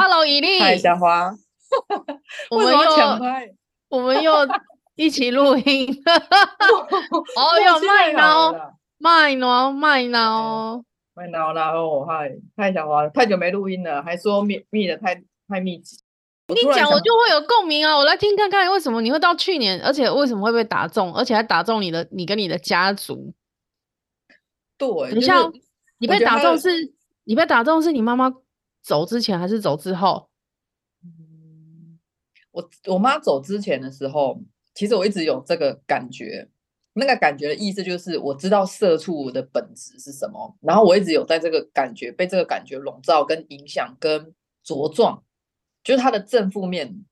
Hello，伊麗。嗨，小花。 要 我們又我們又一起錄音。哦，又麥腦，麥腦，麥腦，麥腦然後哦！嗨，太小花了，太久沒錄音了，還說密密的太太密集。我跟你講我就會有共鳴啊！我來聽看看，為什麼你會到去年，而且為什麼會被打中，而且還打中你的你跟你的家族？對，你像，就是，你被打中是，你被打中是你媽媽。走之前還是走之後？嗯、我我媽走之前的時候，其實我一直有這個感覺。那個感覺的意思就是，我知道社畜的本質是什麼。然後我一直有在這個感覺，被這個感覺籠罩、跟影響、跟茁壯，就是它的正負面。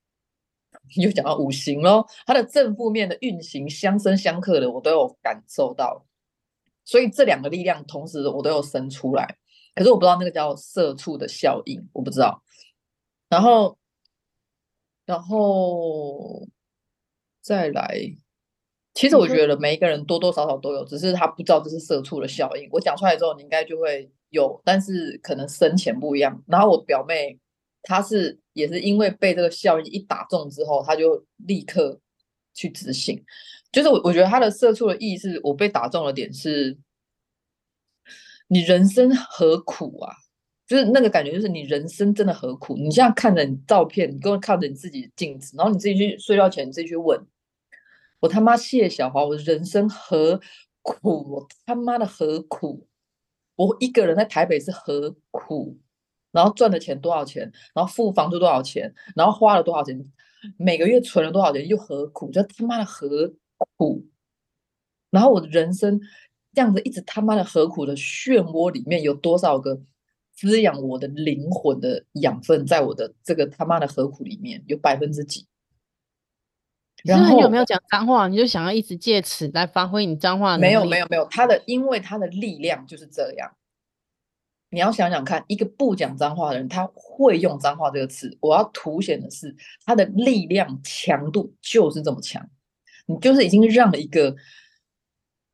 又講到五行咯，它的正負面的運行相生相克的，我都有感受到。所以這兩個力量同時，我都有生出來。可是我不知道那個叫“社畜”的效應，我不知道。然後，然後再來，其實我覺得每一個人多多少少都有，只是他不知道這是“社畜”的效應。我講出來之後，你應該就會有，但是可能深淺不一樣。然後我表妹，她是也是因為被這個效應一打中之後，她就立刻去執行。就是我我覺得她的“社畜”的意義是，我被打中了點是。你人生何苦啊？就是那個感覺，就是你人生真的何苦？你這樣看着你照片，你跟我看着你自己鏡子，然後你自己去睡覺前，你自己去問：我他媽謝小華，我人生何苦？我他媽的何苦？我一個人在台北是何苦？然後賺的錢多少錢？然後付房租多少錢？然後花了多少錢？每個月存了多少錢？又何苦？就他媽的何苦？然後我的人生。這樣子一直他媽的何苦的漩渦裡面，有多少個滋養我的靈魂的養分？在我的這個他媽的何苦裡面有百分之幾？然後你有沒有講髒話？你就想要一直借詞來發揮你髒話？沒有，沒有，沒有。他的因為他的力量就是這樣。你要想想看，一個不講髒話的人，他會用髒話這個詞。我要凸顯的是他的力量強度就是這麼強。你就是已經讓了一個。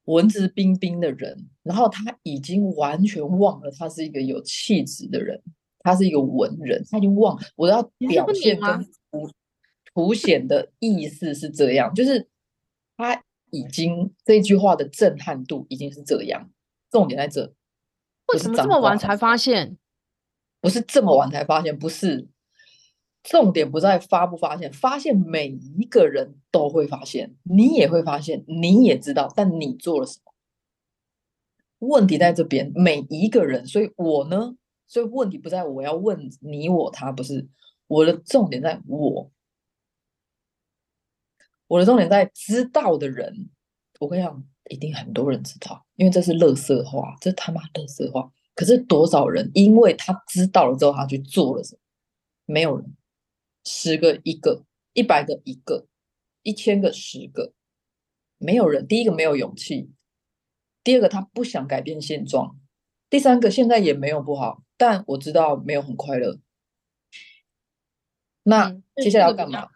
文質彬彬的人，然後他已經完全忘了，他是一個有氣質的人，他是一個文人，他已經忘了我要表現他突凸，凸顯的意思是這樣，就是他已經這句話的震撼度已經是這樣，重點在這，為什麼這麼晚才發現？不是這麼晚才發現，不是。重點不在發不發現，發現每一個人都會發現，你也會發現，你也知道，但你做了什麼？問題在這邊，每一個人，所以我呢，所以問題不在我要問你、我、他，不是，我的重點在我，我的重點在知道的人。我跟你講，一定很多人知道，因為這是垃圾話，這他媽垃圾話。可是多少人，因為他知道了之後，他去做了什麼？沒有人。十個一個，一百個一個，一千個十個，沒有人。第一個沒有勇氣，第二個他不想改變現狀，第三個現在也沒有不好，但我知道沒有很快樂。嗯、那接下來要幹嘛？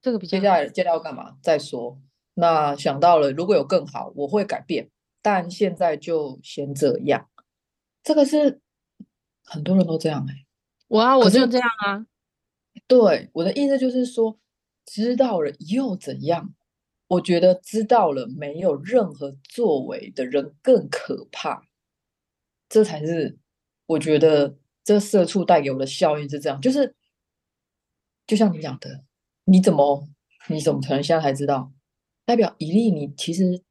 這個、這個、接下來接下來要幹嘛？再說。那想到了如果有更好，我會改變，但現在就先這樣。這個是很多人都這樣欸、我啊哇是我就這樣啊。對，我的意思就是說，知道了又怎樣？我覺得知道了沒有任何作為的人更可怕。這才是我覺得這社畜帶給我的效應是這樣，就是就像你講的，你怎麼你怎麼可能現在才知道？代表一例，你其實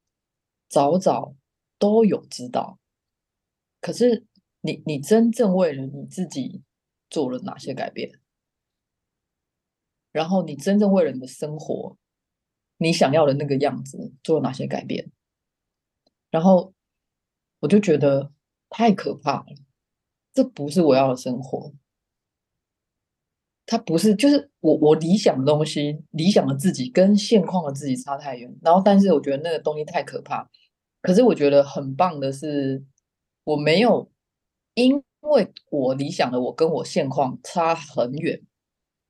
早早都有知道，可是你你真正為了你自己做了哪些改變？然後你真正為了你的生活，你想要的那個樣子，做了哪些改變？然後我就覺得太可怕了，這不是我要的生活。它不是，就是我我理想的東西，理想的自己跟現況的自己差太遠。然後，但是我覺得那個東西太可怕。可是我覺得很棒的是，我沒有因為我理想的我跟我現況差很遠，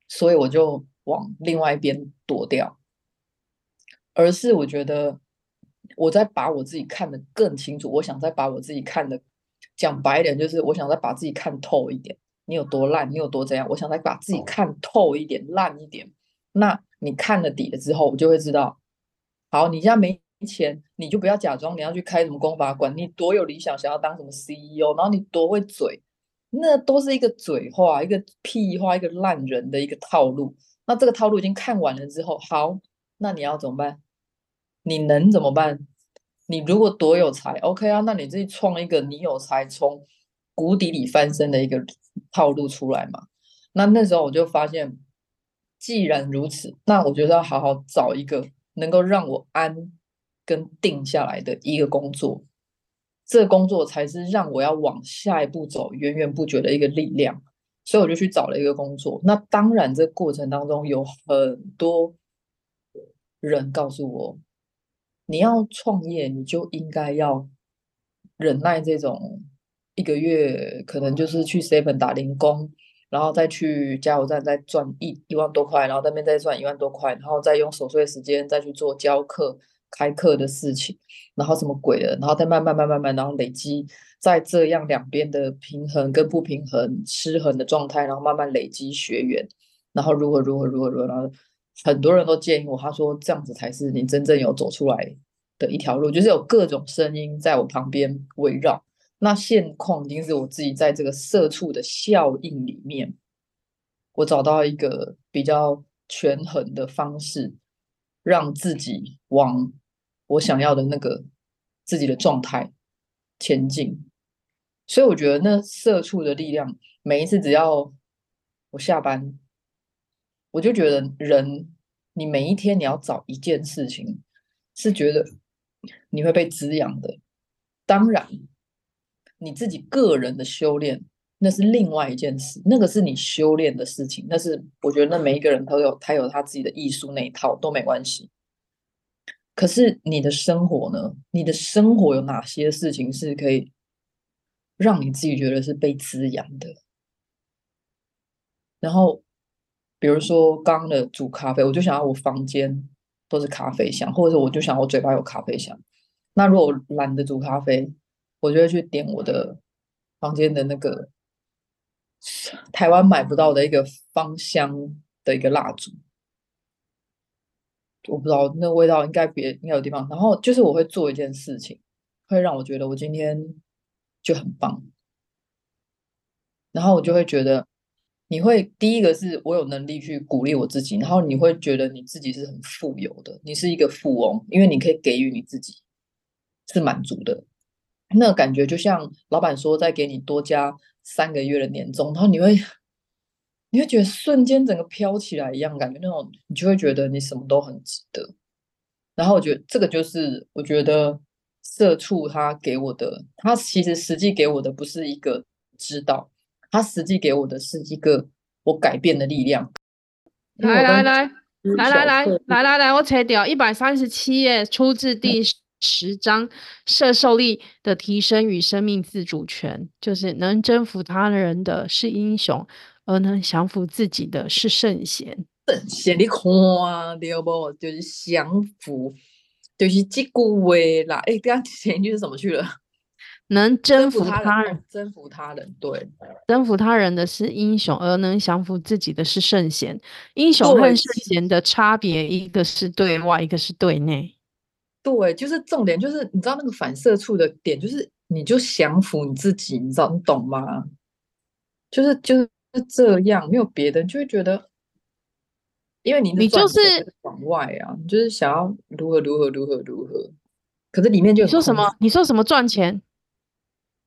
所以我就。往另外一邊躲掉，而是我覺得我在把我自己看得更清楚。我想再把我自己看得講白一點，就是我想再把自己看透一點。你有多爛，你有多怎樣，我想再把自己看透一點，爛一點。那你看了底了之後，我就會知道。好，你現在沒錢，你就不要假裝你要去開什麼功法館。你多有理想，想要當什麼 CEO，然後你多會嘴，那都是一個嘴話，一個屁話，一個爛人的一個套路。那這個套路已經看完了之後，好，那你要怎麼辦？你能怎麼辦？你如果多有才，OK 啊，那你自己創一個你有才從谷底裡翻身的一個套路出來嘛。那那時候我就發現，既然如此，那我覺得要好好找一個能夠讓我安跟定下來的一個工作，這個工作才是讓我要往下一步走，源源不絕的一個力量。所以我就去找了一個工作。那當然，這過程當中有很多人告訴我，你要創業，你就應該要忍耐這種一個月，可能就是去 seven 打零工，嗯、然後再去加油站再賺一一萬多塊，然後在那邊再賺一萬多塊，然後再用瑣碎的時間再去做教課。開課的事情，然後什麼鬼的，然後再慢慢、慢、慢慢、慢，然後累積在這樣兩邊的平衡跟不平衡、失衡的狀態，然後慢慢累積學員，然後如何、如、如何、如何、如何，然後，很多人都建議我，他說這樣子才是你真正有走出來的一條路。就是有各種聲音在我旁邊圍繞，那現況已經是我自己在這個社畜的效應裡面，我找到一個比較權衡的方式，讓自己往我想要的那個自己的狀態前進，所以我覺得那社畜的力量，每一次只要我下班，我就覺得人，你每一天你要找一件事情，是覺得你會被滋養的。當然，你自己個人的修煉那是另外一件事，那個是你修煉的事情，那是我覺得那每一個人都有，他有他自己的藝術那一套，都沒關係。可是你的生活呢？你的生活有哪些事情是可以讓你自己覺得是被滋養的？然後，比如說剛剛的煮咖啡，我就想要我房間都是咖啡香，或者是我就想我嘴巴有咖啡香。那如果我懶得煮咖啡，我就會去點我的房間的那個台灣買不到的一個芳香的一個蠟燭。我不知道那味道應該別應該有地方，然後就是我會做一件事情，會讓我覺得我今天就很棒，然後我就會覺得你會第一個是我有能力去鼓勵我自己，然後你會覺得你自己是很富有的，你是一個富翁，因為你可以給予你自己是滿足的，那個感覺就像老闆說再給你多加三個月的年終，然後你會。你會覺得瞬間整個飄起來一樣感覺那種，你就會覺得你什麼都很值得。然後我覺得這個就是我覺得社畜他給我的，他其實實際給我的不是一個指導，他實際給我的是一個我改變的力量。來來來來來來，色來來來來，我切掉一百三十七頁，出自第十章“攝、嗯、受力的提升與生命自主權”，就是能征服他人的是英雄。而能降服自己的是聖賢。聖賢你看，第二步就是降服，就是這句話啦。哎，剛前一句是什麼去了？能征服他人，征服他人，對，征服他人的是英雄，而能降服自己的是聖賢。英雄和聖賢的差別，一個是對外，一個是對內。對，就是重點，就是你知道那個反社畜的點，就是你就降服你自己，你知道你懂嗎？就是就是。是這樣，沒有別的，就會覺得，因為你你、就是、就是往外啊，你就是想要如何如何如何如何，可是裡面就你說什麼你說什麼賺錢，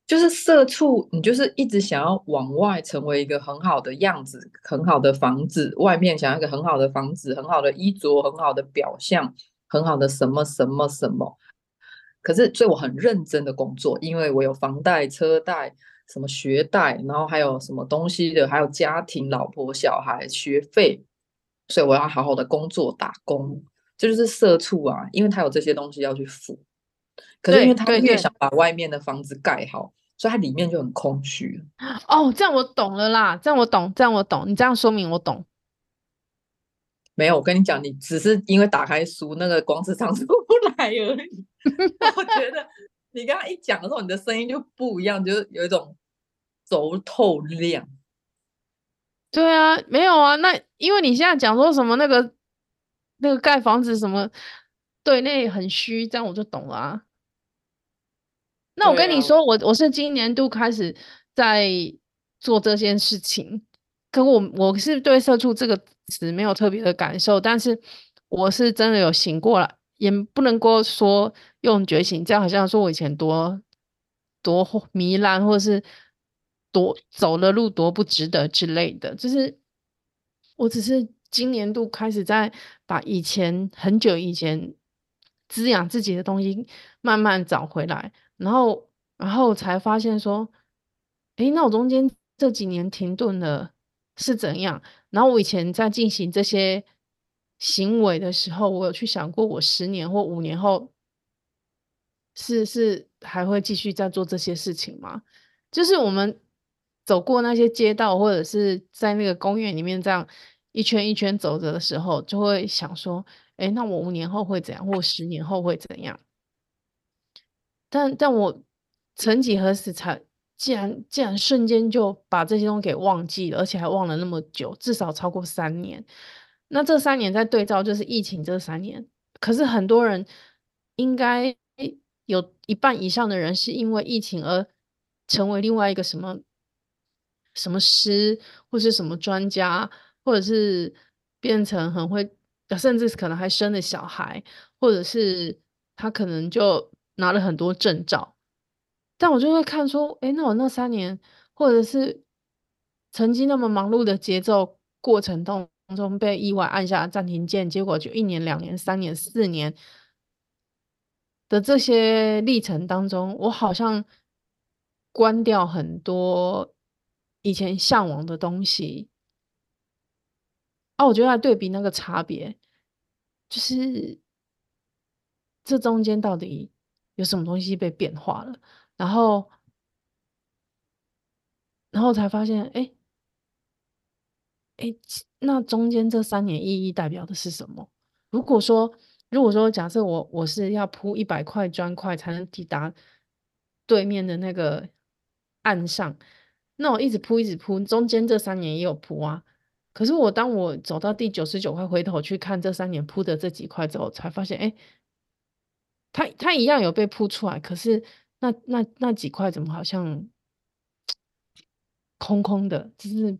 就是社畜，你就是一直想要往外成為一個很好的樣子，很好的房子，外面想要一個很好的房子，很好的衣着，很好的表象，很好的什麼什麼什麼。可是所以我很認真的工作，因為我有房貸、車貸。什麼學貸，然後還有什麼東西的，還有家庭、老婆、小孩、學費，所以我要好好的工作打工，這就，就是社畜啊！因為他有這些東西要去付，可是因為他越，越想把外面的房子蓋好，所以他裡面就很空虛。哦，這樣我懂了啦！這樣我懂，這樣我懂，你這樣說明我懂。沒有，我跟你講，你只是因為打開書那個光是長出來而已， 我覺得。 你剛剛一講的時候，你的聲音就不一樣，就是有一種鑿透亮。對啊，沒有啊，那因為你現在講說什麼那個那個蓋房子什麼，對，那很虛，這樣我就懂了啊。那我跟你說，啊、我我是今年都開始在做這件事情，可我我是對“社畜”這個詞沒有特別的感受，但是我是真的有醒過來。也不能夠說用覺醒，這樣好像說我以前多多糜爛，或者是多走了路多不值得之類的。就是我只是今年度開始在把以前很久以前滋養自己的東西慢慢找回來，然後然後才發現說，哎、欸，那我中間這幾年停頓了是怎樣？然後我以前在進行這些。行為的時候，我有去想過，我十年或五年後是是還會繼續在做這些事情嗎？就是我們走過那些街道，或者是在那個公園裡面這樣一圈一圈走着的時候，就會想說，哎，那我五年後會怎樣，或十年後會怎樣？但但我曾幾何時才，竟然竟然瞬間就把這些東西給忘記了，而且還忘了那麼久，至少超過三年。那這三年在對照，就是疫情這三年。可是很多人應該有一半以上的人是因為疫情而成為另外一個什麼什麼師，或是什麼專家，或者是變成很會，甚至可能還生了小孩，或者是他可能就拿了很多證照。但我就會看說，哎、欸，那我那三年，或者是曾經那麼忙碌的節奏過程中。當中被意外按下暫停鍵，結果就一年、兩年、三年、四年，的這些歷程當中，我好像關掉很多以前嚮往的東西。哦、啊，我覺得來對比那個差別，就是這中間到底有什麼東西被變化了，然後，然後才發現，哎。哎，那中間這三年意義代表的是什麼？如果說，如果說，假設我我是要鋪一百塊磚塊才能抵達對面的那個岸上，那我一直鋪，一直鋪，中間這三年也有鋪啊。可是我當我走到第九十九塊，回頭去看這三年鋪的這幾塊之後，才發現，哎，它它一樣有被鋪出來，可是那那那幾塊怎麼好像空空的，就是。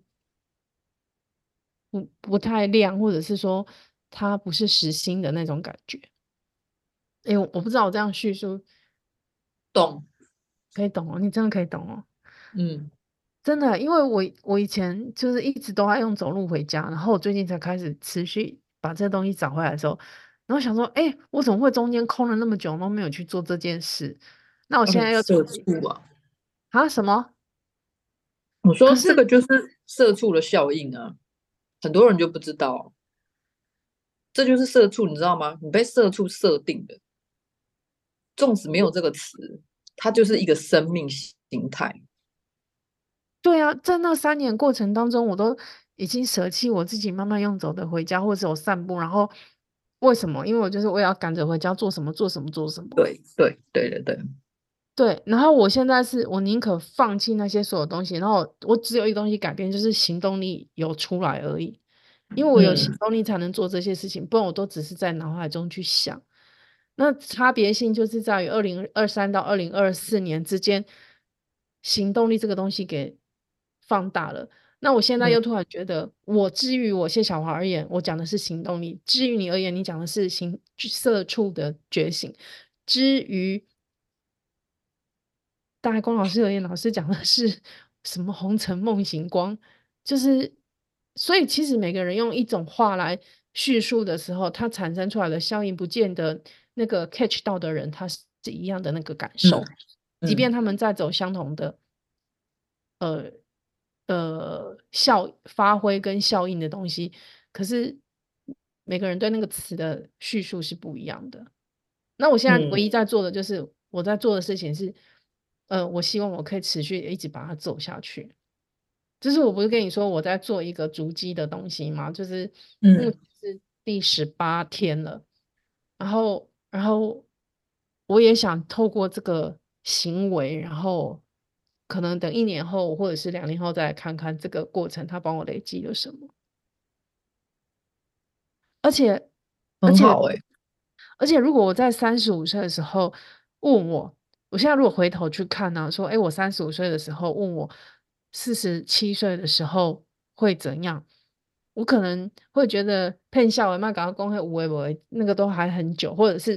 不不太亮，或者是說它不是實心的那種感覺。為、欸，我，我不知道我這樣敘述懂，可以懂哦，你真的可以懂哦。嗯，真的，因為我我以前就是一直都在用走路回家，然後我最近才開始持續把這東西找回來的時候，然後想說，哎、欸，我怎麼會中間空了那麼久我都沒有去做這件事？那我現在要社畜啊？啊，啊什麼？我說這個就是社畜的效應啊。很多人就不知道，這就是社畜，你知道嗎？你被社畜設定的，縱使沒有這個詞，它就是一個生命形態。對啊，在那三年過程當中，我都已經捨棄我自己，慢慢用走的回家，或是我散步。然後為什麼？因為我就是我也要趕着回家，做什麼？做什麼？做什麼？對對對對對。對對對，然後我現在是我寧可放棄那些所有東西，然後我只有一個東西改變，就是行動力有出來而已，因為我有行動力才能做這些事情，嗯、不然我都只是在腦海中去想。那差別性就是在於二零二三到二零二四年之間，行動力這個東西給放大了。那我現在又突然覺得，嗯、我之於我謝小華而言，我講的是行動力；至於你而言，你講的是行社畜的覺醒，至於。大概光老師有點，老師講的是什麼“紅塵夢醒光”，就是所以其實每個人用一種話來敘述的時候，它產生出來的效應，不見得那個 catch 到的人，他是是一樣的那個感受，嗯嗯、即便他們在走相同的，呃呃效發揮跟效應的東西，可是每個人對那個詞的敘述是不一樣的。那我現在唯一在做的就是、嗯、我在做的事情是。呃，我希望我可以持續一直把它走下去。就是我不是跟你說我在做一個足跡的東西嗎？就是，嗯，是第十八天了。嗯、然後，然後我也想透過這個行為，然後可能等一年後或者是兩年後再看看這個過程，它幫我累積了什麼。而且，而且，哎、欸，而且如果我在三十五歲的時候問我。我現在如果回頭去看呢、啊，說，哎，我三十五歲的時候問我四十七歲的時候會怎樣，我可能會覺得騙笑我媽搞到公開無為為那個都還很久，或者是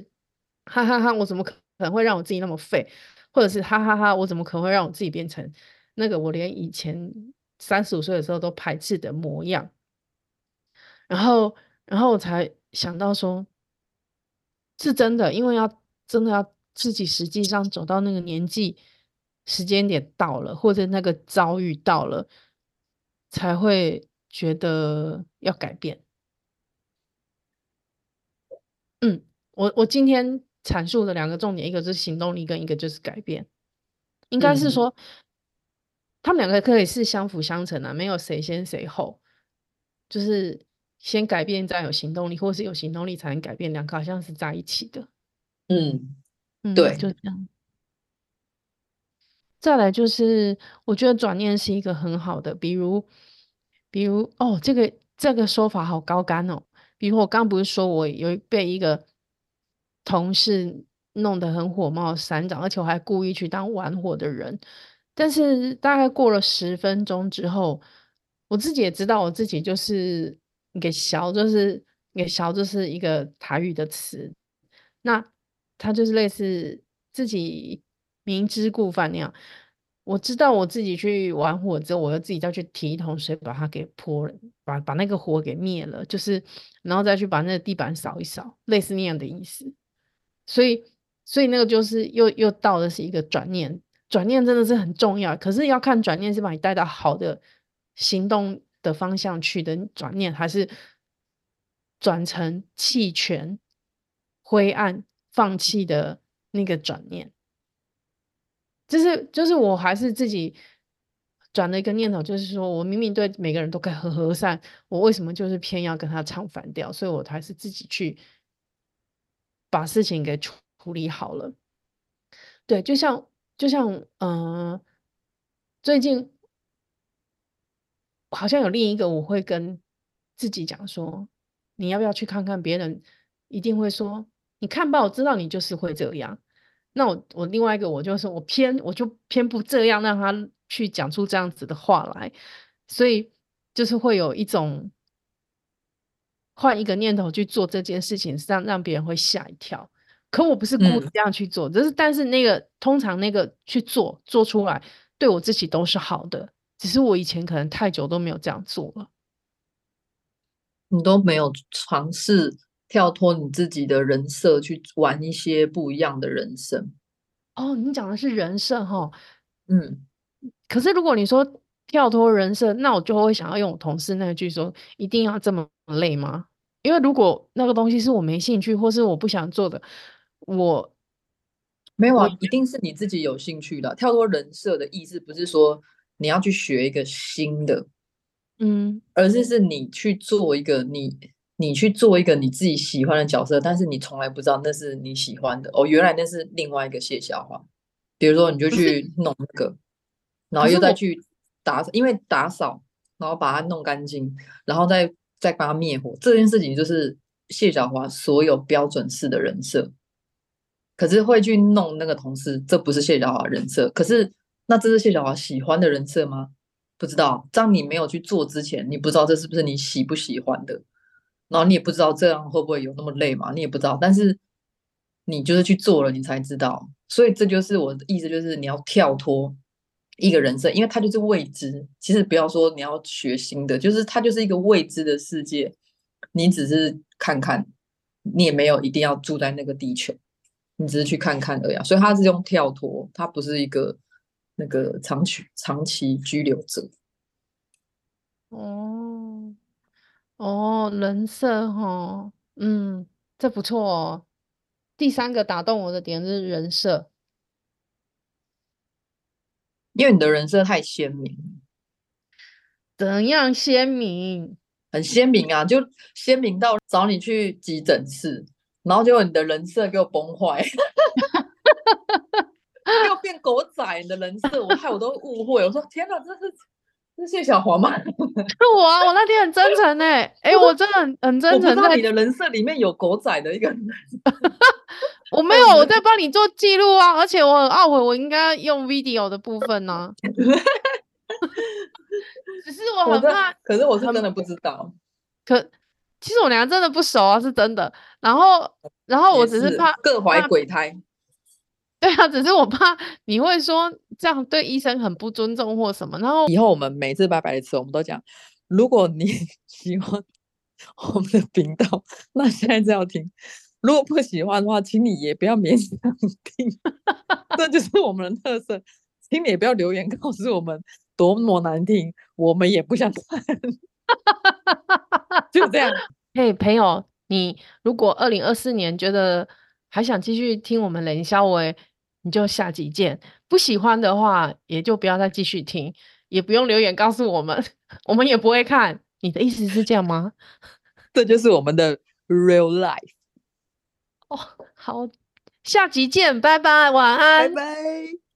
哈，哈哈哈，我怎麼可能會讓我自己那麼廢，或者是哈，哈哈哈，我怎麼可能會讓我自己變成那個我連以前三十五歲的時候都排斥的模樣，然後，然後我才想到說，是真的，因為要真的要自己實際上走到那個年紀，時間點到了，或者那個遭遇到了，才會覺得要改變。嗯，我我今天闡述的兩個重點，一個就是行動力，跟一個就是改變，應該是說，嗯，他們兩個可以是相輔相成的、啊，沒有誰先誰後，就是先改變再有行動力，或者是有行動力才能改變，兩個好像是在一起的。嗯。嗯，對，就這樣。再來就是，我覺得轉念是一個很好的，比如，比如哦，這個這個說法好高竿哦。比如我剛剛不是說我有被一個同事弄得很火冒三丈，而且我還故意去當玩火的人，但是大概過了十分鐘之後，我自己也知道我自己就是你給消，就是你給消，就是一個台語的詞，那。他就是類似自己明知故犯那樣，我知道我自己去玩火之後，我要自己再去提一桶水把它給潑了，把把那個火給滅了，就是然後再去把那個地板掃一掃，類似那樣的意思。所以，所以那個就是又又到的是一個轉念，轉念真的是很重要。可是要看轉念是把你帶到好的行動的方向去的轉念，還是轉成棄權、灰暗。放棄的那個轉念，是就是就是，我還是自己轉了一個念頭，就是說，我明明對每個人都很和善，我為什麼就是偏要跟他唱反調？所以我還是自己去把事情給處理好了。對，就像就像，嗯、呃，最近好像有另一個，我會跟自己講說，你要不要去看看別人？一定會說。你看吧，我知道你就是會這樣。那我我另外一個，我就說，我偏我就偏不這樣，讓他去講出這樣子的話來。所以就是會有一種換一個念頭去做這件事情，讓讓別人會嚇一跳。可我不是故意這樣去做，就、嗯、是但是那個通常那個去做做出來，對我自己都是好的。只是我以前可能太久都沒有這樣做了，你都沒有嘗試。跳脫你自己的人設，去玩一些不一樣的人生哦，你講的是人設哈、哦，嗯。可是如果你說跳脫人設，那我就會想要用我同事那句說：“一定要這麼累嗎？”因為如果那個東西是我沒興趣或是我不想做的，我沒有啊，一定是你自己有興趣的、啊。跳脫人設的意思不是說你要去學一個新的，嗯，而是是你去做一個你。你去做一個你自己喜歡的角色，但是你從來不知道那是你喜歡的。哦，原來那是另外一個謝小華，比如說你就去弄那個，是然後又再去打，因為打掃，然後把它弄乾淨，然後再再把它滅火。這件事情就是謝小華所有標準式的人設。可是會去弄那個同事，這不是謝小華人設。可是那這是謝小華喜歡的人設嗎？不知道。當你沒有去做之前，你不知道這是不是你喜不喜歡的。然後你也不知道這樣會不會有那麼累嘛，你也不知道，但是你就是去做了，你才知道。所以這就是我的意思，就是你要跳脫一個人生，因為它就是未知。其實不要說你要學新的，就是它就是一個未知的世界。你只是看看，你也沒有一定要住在那個地球，你只是去看看而已。所以它是用跳脫，它不是一個那個長期長期居留者。嗯。哦，人設哦。嗯，這不錯哦。第三個打動我的點就是人設，因為你的人設太鮮明。怎樣鮮明？很鮮明啊，就鮮明到找你去急診室，然後結果你的人設給我崩壞， 又變狗仔，你的人設我害我都誤會，我說天哪，這是。是謝小華嗎？ 是我啊，我那天很真誠呢。哎、欸，我真的很，是很真誠。我知道你的那天人設裡面有狗仔的一個， 我沒有， 我在幫你做記錄啊。而且我很懊悔，我應該用 video 的部分呢、啊。 只是我很怕，可是我是真的不知道。可其實我倆真的不熟啊，是真的。然後，然後我只是怕是各懷鬼胎。對啊，只是我怕你會說這樣對醫生很不尊重或什麼，然後以後我們每次拜拜一次，我們都講：如果你喜歡我們的頻道，那現在就要聽；如果不喜歡的話，請你也不要勉強聽。 這就是我們的特色，請你也不要留言告訴我們多麼難聽，我們也不想看。 就這樣，嘿，hey, 朋友，你如果二零二四年覺得還想繼續聽我們冷肖微。你就下集見，不喜歡的話也就不要再繼續聽，也不用留言告訴我們，我們也不會看。你的意思是這樣嗎？ 這就是我們的 real life。哦，好，下集見，拜拜，晚安，拜拜。